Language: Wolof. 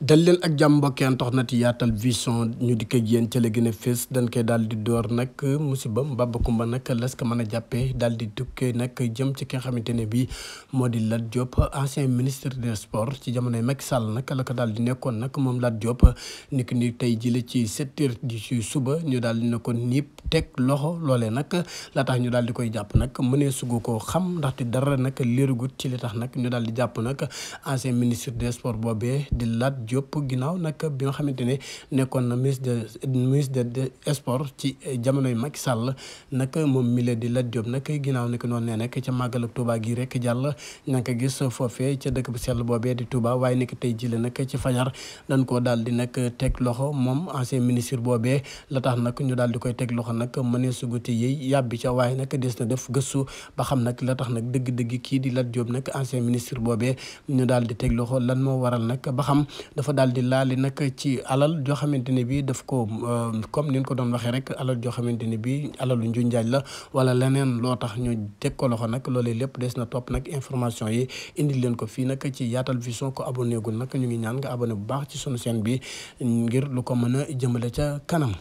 dal leen ak jàmm mbokkeen tox na ci yaatal vision ñu di koy yéen ca la gën a fees dañ koy daal di door nag musiba Mbaba Kumba nag las ko mën a jàppee daal di tukkee nag jëm ci ki nga xamante ne bii moo di Lat Diop ancien ministre des sports ci jamonoy Macky Sall nag la ko daal di nekkoon nag moom Lat Diop ni ki ni tey jii la ci sept heures suba ñu daal di ne ko niip teg loxo loolee nag la ñu daal di koy jàpp nag mënee sugu koo xam ndaxte dara nag leerugut ci li tax nag ñu daal di jàpp nag ancien ministre des sport boobee di Lat Diop ginnaaw nag bi nga xamante ne nekkoon na ministre de ministre de sport ci eh, jamonoy Macky Sall nag moom mi la di Lat Diop nag ginnaaw nekk noonu ne nag ca màggal ak Touba gi rek jàll na ko gis foofee ca dëkk bu sell boobee di Touba waaye nekk tey jile nag ci fajar dañ koo daal di nag teg loxo moom ancien ministre boobee la tax nag ñu daal di koy teg loxo nag mënee suguti yi yàbbi ca waaye nag des na def gëstu ba xam nag la tax nag dëgg-dëgg kii di Lat Diop nag ancien ministre boobee ñu daal di teg loxo lan moo waral nag ba xam dafa daal di laali nag ci alal joo xamante ne bii daf ko euh, comme ni ñu ko doon waxee rek alal joo xamante ne bii alalu njaaj la wala leneen loo tax ñu teg ko loxo nag loolee lépp des na topp nag information yi indi leen ko fii nag ci Yaatal soo ko abonné gul nag ñu ngi ñaan nga abonné bu baax ci sunu chaîne bi ngir lu ko mën a jëmale ca kanam